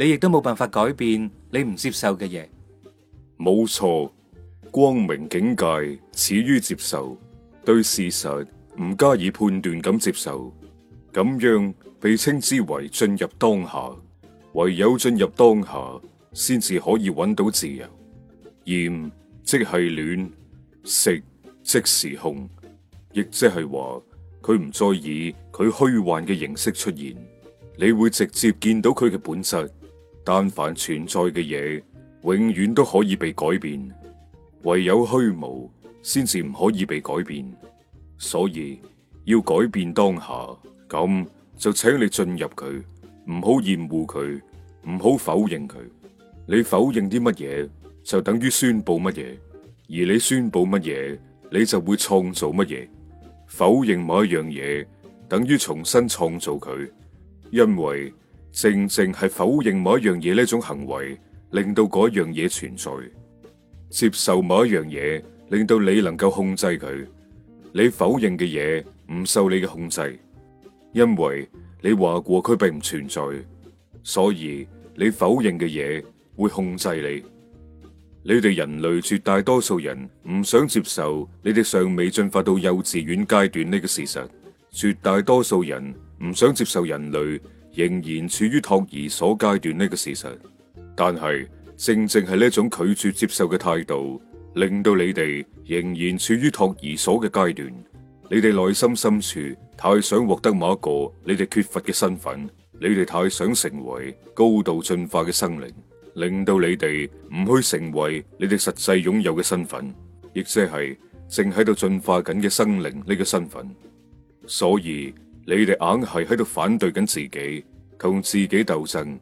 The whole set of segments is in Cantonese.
你亦都冇辦法改變你唔接受嘅嘢。冇錯，光明境界始於接受，對事實唔加以判斷咁接受，咁樣被稱之為進入當下。唯有進入當下，先至可以揾到自由。厭即係戀，食即是空，亦即係話佢唔再以佢虛幻嘅形式出現，你會直接見到佢嘅本質。但凡存在嘅嘢，永遠都可以被改變；唯有虛無，先至唔可以被改變。所以要改變當下，咁就請你進入佢，唔好厭惡佢，唔好否認佢。你否認啲乜嘢，就等於宣佈乜嘢；而你宣佈乜嘢，你就會創造乜嘢。否認某一樣嘢，等於重新創造佢，因為。正正係否認某一樣嘢呢種行為，令到嗰樣嘢存在；接受某一樣嘢，令到你能夠控制佢。你否認嘅嘢唔受你嘅控制，因為你話過佢並唔存在，所以你否認嘅嘢會控制你。你哋人類絕大多數人唔想接受你哋尚未進化到幼稚園階段呢個事實，絕大多數人唔想接受人類。仍然處於托兒所階段呢個事實，但係正正係呢種拒絕接受嘅態度，令到你哋仍然處於托兒所嘅階段。你哋內心深處太想獲得某一個你哋缺乏嘅身份，你哋太想成為高度進化嘅生靈，令到你哋唔去成為你哋實際擁有嘅身份，亦即係正喺度進化緊嘅生靈呢個身份。所以。你哋硬係喺度反對緊自己，同自己鬥爭，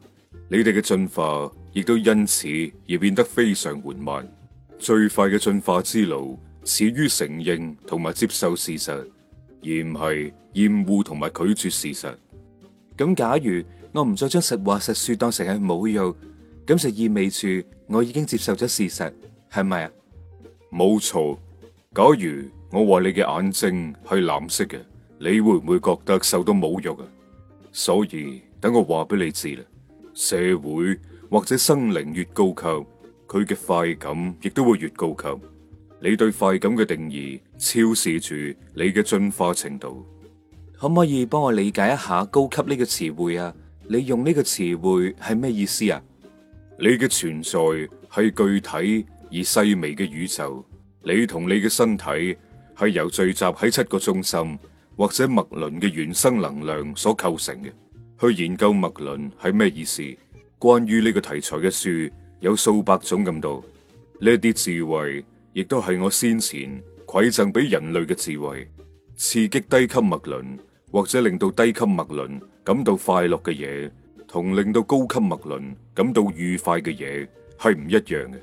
你哋嘅進化亦都因此而變得非常緩慢。最快嘅進化之路，始於承認同埋接受事實，而唔係厭惡同埋拒絕事實。咁假如我唔再將實話實說當成係侮辱，咁就意味住我已經接受咗事實，係咪啊？冇錯。假如我話你嘅眼睛係藍色嘅。你會唔會覺得受到侮辱啊？所以等我話俾你知啦，社會或者生靈越高級，佢嘅快感亦都會越高級。你對快感嘅定義，超視住你嘅進化程度。可唔可以幫我理解一下高級呢個詞彙啊？你用呢個詞彙係咩意思啊？你嘅存在係具體而細微嘅宇宙，你同你嘅身體係由聚集喺七個中心。或者麥倫嘅原生能量所構成嘅，去研究麥倫係咩意思？關於呢個題材嘅書有數百種咁多，呢啲智慧亦都係我先前饋贈俾人類嘅智慧，刺激低級麥倫或者令到低級麥倫感到快樂嘅嘢，同令到高級麥倫感到愉快嘅嘢係唔一樣嘅。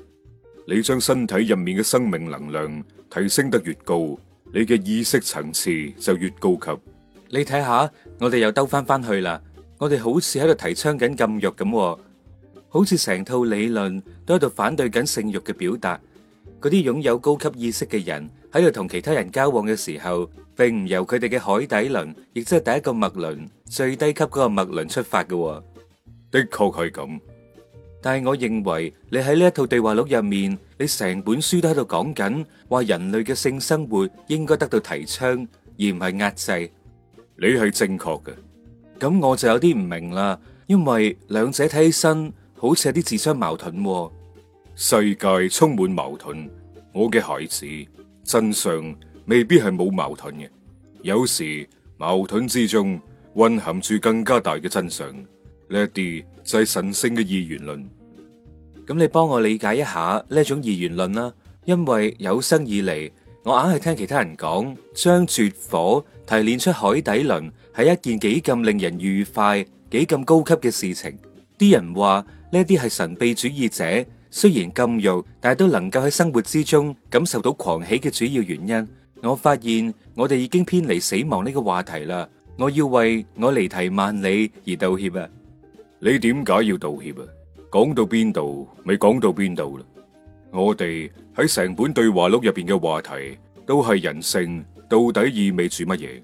你將身體入面嘅生命能量提升得越高，你嘅意識層次就越高級。你睇下，我哋又兜翻翻去啦。我哋好似喺度提倡緊禁欲咁，好似成套理論都喺度反對緊性欲嘅表達。嗰啲擁有高級意識嘅人喺度同其他人交往嘅時候，並唔由佢哋嘅海底輪，亦即係第一個脈輪、最低級嗰個脈輪出發嘅。的確係咁。但係我認為你喺呢一套對話錄入面，你成本書都喺度講緊，話人類嘅性生活應該得到提倡，而唔係壓制。你係正確嘅，咁我就有啲唔明啦，因為兩者睇起身好似有啲自相矛盾。世界充滿矛盾，我嘅孩子，真相未必係冇矛盾嘅，有時矛盾之中蘊含住更加大嘅真相，呢一啲就係神聖嘅二元論。咁你幫我理解一下呢一種二元論啦，因為有生以嚟，我硬係聽其他人講，將絕火提煉出海底輪係一件幾咁令人愉快、幾咁高級嘅事情。啲人話呢啲係神秘主義者雖然禁慾，但係都能夠喺生活之中感受到狂喜嘅主要原因。我發現我哋已經偏離死亡呢個話題啦，我要為我離題萬里而道歉啊！你點解要道歉啊？講到邊度咪講到邊度啦？我哋喺成本對話錄入邊嘅話題都係人性到底意味住乜嘢？呢、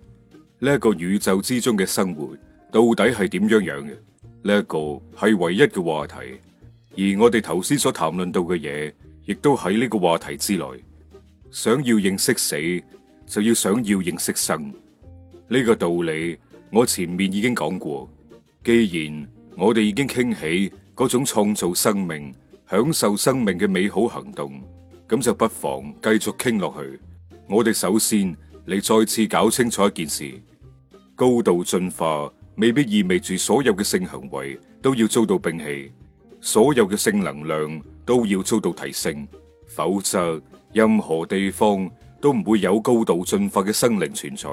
這、一個宇宙之中嘅生活到底係點樣樣嘅？呢、這、一個係唯一嘅話題，而我哋頭先所談論到嘅嘢，亦都喺呢個話題之內。想要認識死，就要想要認識生呢、這個道理。我前面已經講過，既然我哋已經傾起。嗰種創造生命、享受生命嘅美好行動，咁就不妨繼續傾落去。我哋首先嚟再次搞清楚一件事：高度進化未必意味住所有嘅性行為都要遭到摒棄，所有嘅性能量都要遭到提升，否則任何地方都唔會有高度進化嘅生靈存在，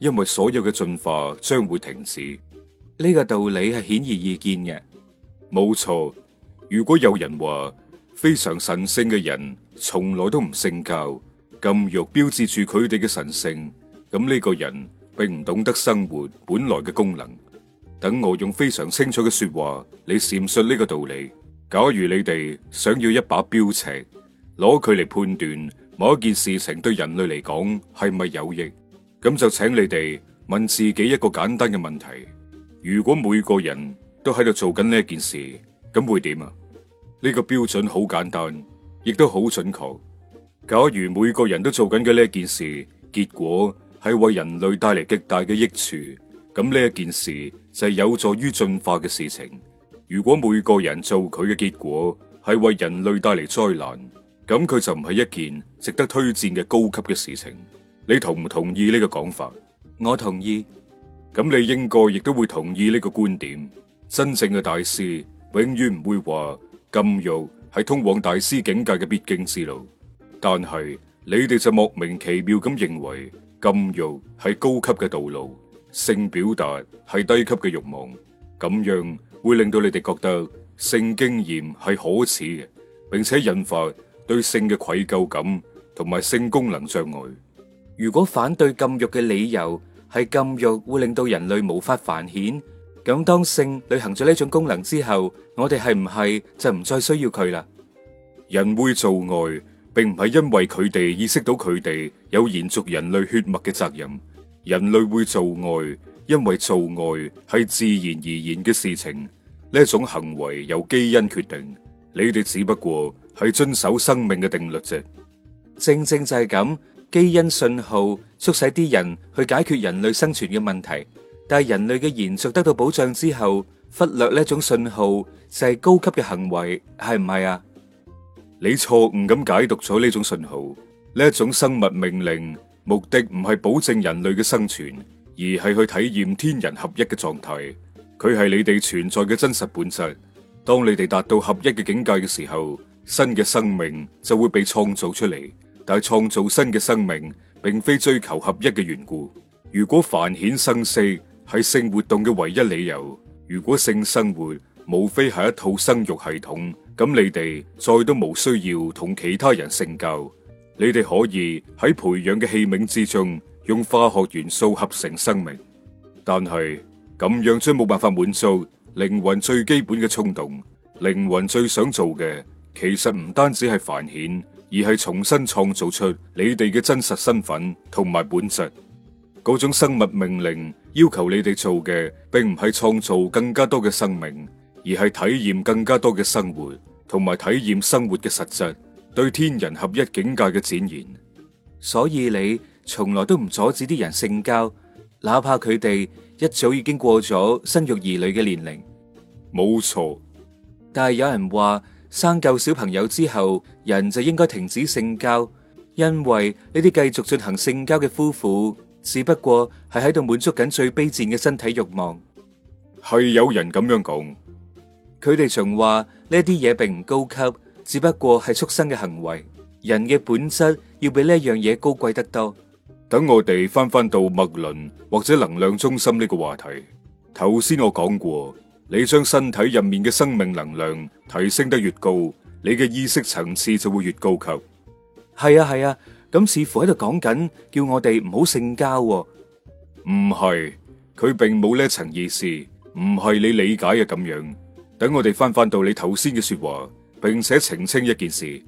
因為所有嘅進化將會停止。呢個道理係顯而易見嘅。冇錯，如果有人話非常神聖嘅人從來都唔性交，禁欲，標誌住佢哋嘅神性，咁呢個人並唔懂得生活本來嘅功能。等我用非常清楚嘅說話，你闡述呢個道理。假如你哋想要一把標尺，攞佢嚟判斷某一件事情對人類嚟講係咪有益，咁就請你哋問自己一個簡單嘅問題：如果每個人都喺度做緊呢件事，咁會點啊？呢個標準好簡單，亦都好準確。假如每個人都做緊嘅呢件事，結果係為人類帶嚟極大嘅益處，咁呢一件事就係有助於進化嘅事情。如果每個人做佢嘅結果係為人類帶嚟災難，咁佢就唔係一件值得推薦嘅高級嘅事情。你同唔同意呢個講法？我同意。咁你應該亦都會同意呢個觀點。真正嘅大師永遠唔會話禁欲係通往大師境界嘅必經之路，但係你哋就莫名其妙咁認為禁欲係高級嘅道路，性表達係低級嘅欲望，咁樣會令到你哋覺得性經驗係可恥嘅，並且引發對性嘅愧疚感同埋性功能障礙。如果反對禁欲嘅理由係禁欲會令到人類無法繁衍。咁當性履行咗呢種功能之後，我哋係唔係就唔再需要佢啦？人會做愛，並唔係因為佢哋意識到佢哋有延續人類血脈嘅責任。人類會做愛，因為做愛係自然而然嘅事情。呢一種行為由基因決定，你哋只不過係遵守生命嘅定律啫。正正就係咁，基因信號促使啲人去解決人類生存嘅問題。但係人類嘅延續得到保障之後，忽略呢一種信號就係高級嘅行為，係唔係啊？你錯誤咁解讀咗呢種信號，呢一種生物命令目的唔係保證人類嘅生存，而係去體驗天人合一嘅狀態。佢係你哋存在嘅真實本質。當你哋達到合一嘅境界嘅時候，新嘅生命就會被創造出嚟。但係創造新嘅生命，並非追求合一嘅緣故。如果繁衍生死係性活動嘅唯一理由。如果性生活無非係一套生育系統，咁你哋再都冇需要同其他人性交。你哋可以喺培養嘅器皿之中，用化學元素合成生命。但係咁樣將冇辦法滿足靈魂最基本嘅衝動。靈魂最想做嘅，其實唔單止係繁衍，而係重新創造出你哋嘅真實身份同埋本質。嗰種生物命令要求你哋做嘅，並唔係創造更加多嘅生命，而係體驗更加多嘅生活，同埋體驗生活嘅實質，對天人合一境界嘅展現。所以你從來都唔阻止啲人性交，哪怕佢哋一早已經過咗生育兒女嘅年齡，冇錯錯。但係有人話，生夠小朋友之後，人就應該停止性交，因為呢啲繼續進行性交嘅夫婦。只不過係喺度滿足緊最卑賤嘅身體慾望，係有人咁樣講。佢哋仲話呢啲嘢並唔高級，只不過係畜生嘅行為。人嘅本質要比呢樣嘢高貴得多。等我哋翻翻到脈輪或者能量中心呢個話題。頭先我講過，你將身體入面嘅生命能量提升得越高，你嘅意識層次就會越高級。係啊，係啊。咁似乎喺度講緊，叫我哋唔好性交，哦。唔係，佢並冇呢一層意思，唔係你理解嘅咁樣。等我哋翻翻到你頭先嘅說話，並且澄清一件事：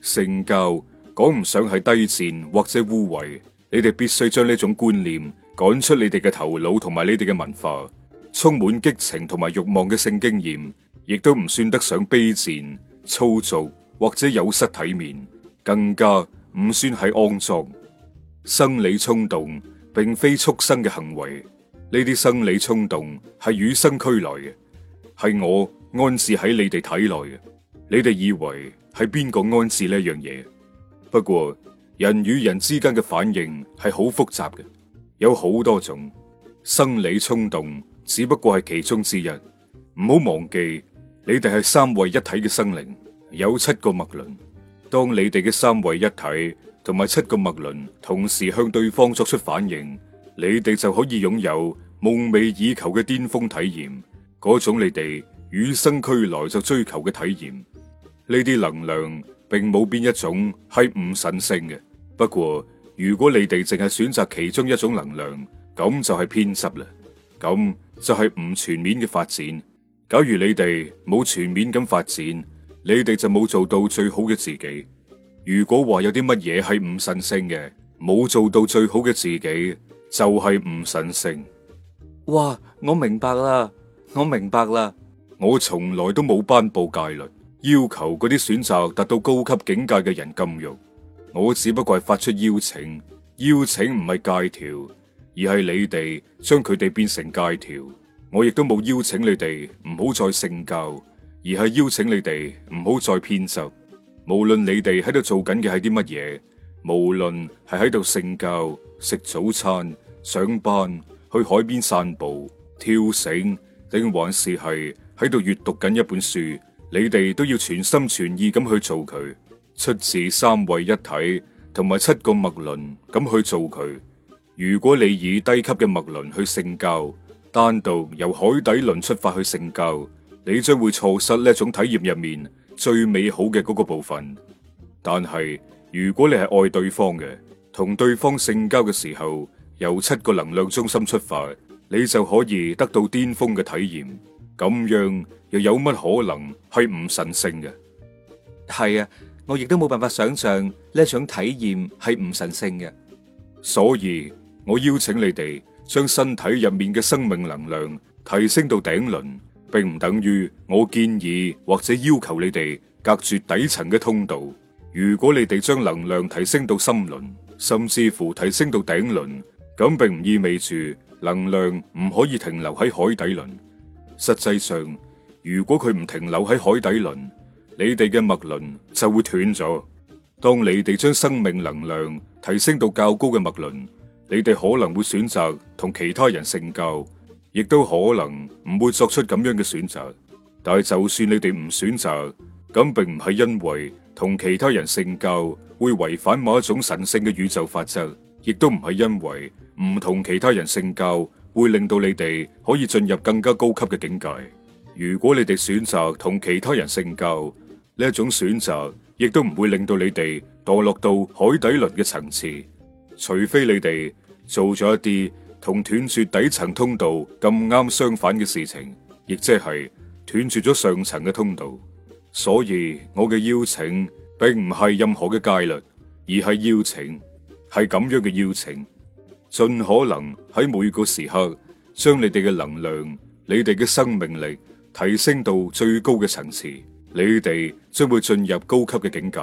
性交講唔上係低賤或者污穢。你哋必須將呢種觀念趕出你哋嘅頭腦同埋你哋嘅文化。充滿激情同埋慾望嘅性經驗，亦都唔算得上卑賤、粗俗或者有失體面，更加。唔算係骯髒，生理衝動並非畜生嘅行為，呢啲生理衝動係與生俱來嘅，係我安置喺你哋體內嘅。你哋以為係邊個安置呢樣嘢？不過人與人之間嘅反應係好複雜嘅，有好多種，生理衝動只不過係其中之一。唔好忘記，你哋係三位一體嘅生靈，有七個脈輪。當你哋嘅三位一體同埋七個脈輪同時向對方作出反應，你哋就可以擁有夢寐以求嘅巔峰體驗，嗰種你哋與生俱來就追求嘅體驗。呢啲能量並冇邊一種係唔神聖嘅，不過如果你哋淨係選擇其中一種能量，咁就係偏執啦，咁就係唔全面嘅發展。假如你哋冇全面咁發展。你哋就冇做到最好嘅自己。如果話有啲乜嘢係唔神聖嘅，冇做到最好嘅自己就係、是、唔神聖。哇！我明白啦，我明白啦。我從來都冇頒布戒律，要求嗰啲選擇達到高級境界嘅人禁欲。我只不過係發出邀請，邀請唔係戒條，而係你哋將佢哋變成戒條。我亦都冇邀請你哋唔好再性交。而係邀請你哋唔好再偏執，無論你哋喺度做緊嘅係啲乜嘢，無論係喺度性交、食早餐、上班、去海邊散步、跳繩，定還是係喺度閱讀緊一本書，你哋都要全心全意咁去做佢，出自三位一體同埋七個脈輪咁去做佢。如果你以低級嘅脈輪去性交，單獨由海底輪出發去性交。你將會錯失呢一種體驗入面最美好嘅嗰個部分。但係如果你係愛對方嘅，同對方性交嘅時候，由七個能量中心出發，你就可以得到巔峰嘅體驗。咁樣又有乜可能係唔神聖嘅？係啊，我亦都冇辦法想象呢一種體驗係唔神聖嘅。所以，我邀請你哋將身體入面嘅生命能量提升到頂輪。並唔等於我建議或者要求你哋隔住底層嘅通道。如果你哋將能量提升到心輪，甚至乎提升到頂輪，咁並唔意味住能量唔可以停留喺海底輪。實際上，如果佢唔停留喺海底輪，你哋嘅脈輪就會斷咗。當你哋將生命能量提升到較高嘅脈輪，你哋可能會選擇同其他人性交。亦都可能唔會作出咁樣嘅選擇，但係就算你哋唔選擇，咁並唔係因為同其他人性交會違反某一種神聖嘅宇宙法則，亦都唔係因為唔同其他人性交會令到你哋可以進入更加高級嘅境界。如果你哋選擇同其他人性交，呢一種選擇，亦都唔會令到你哋墮落到海底輪嘅層次，除非你哋做咗一啲同斷絕底層通道咁啱相反嘅事情，亦即係斷絕咗上層嘅通道。所以，我嘅邀請並唔係任何嘅戒律，而係邀請，係咁樣嘅邀請。盡可能喺每個時刻，將你哋嘅能量、你哋嘅生命力提升到最高嘅層次。你哋將會進入高級嘅境界。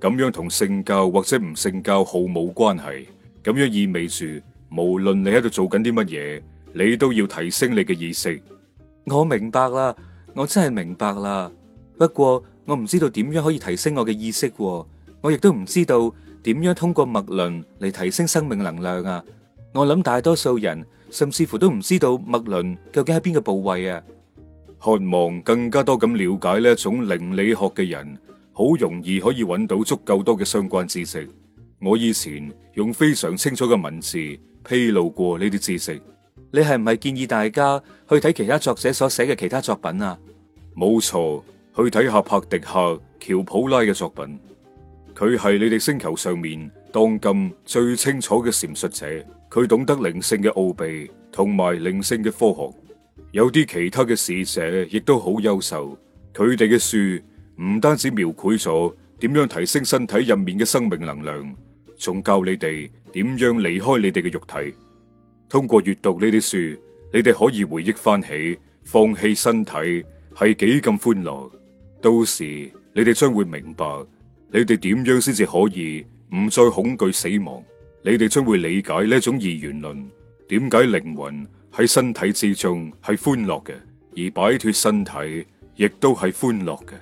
咁樣同性教或者唔性教毫無關係。咁樣意味住。無論你喺度做緊啲乜嘢，你都要提升你嘅意識。我明白啦，我真係明白啦。不過我唔知道點樣可以提升我嘅意識，哦，我亦都唔知道點樣通過脈輪嚟提升生命能量啊！我諗大多數人甚至乎都唔知道脈輪究竟喺邊個部位啊！渴望更加多咁了解呢一種靈理學嘅人，好容易可以揾到足夠多嘅相關知識。我以前用非常清楚嘅文字披露過呢啲知識，你係唔係建議大家去睇其他作者所寫嘅其他作品啊？冇錯，去睇下帕迪克、喬普拉嘅作品。佢係你哋星球上面當今最清楚嘅闡述者，佢懂得靈性嘅奧秘同埋靈性嘅科學。有啲其他嘅使者亦都好優秀，佢哋嘅書唔單止描繪咗點樣提升身體入面嘅生命能量。仲教你哋點樣離開你哋嘅肉體，通過閱讀呢啲書，你哋可以回憶翻起放棄身體係幾咁歡樂。到時你哋將會明白，你哋點樣先至可以唔再恐懼死亡。你哋將會理解呢種二元論，點解靈魂喺身體之中係歡樂嘅，而擺脫身體亦都係歡樂嘅。